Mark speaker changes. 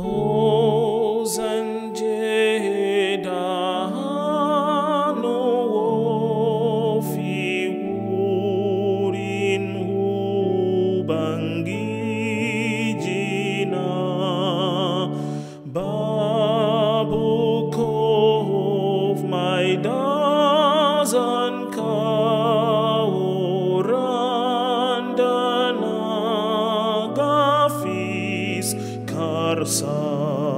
Speaker 1: Oh. marçal.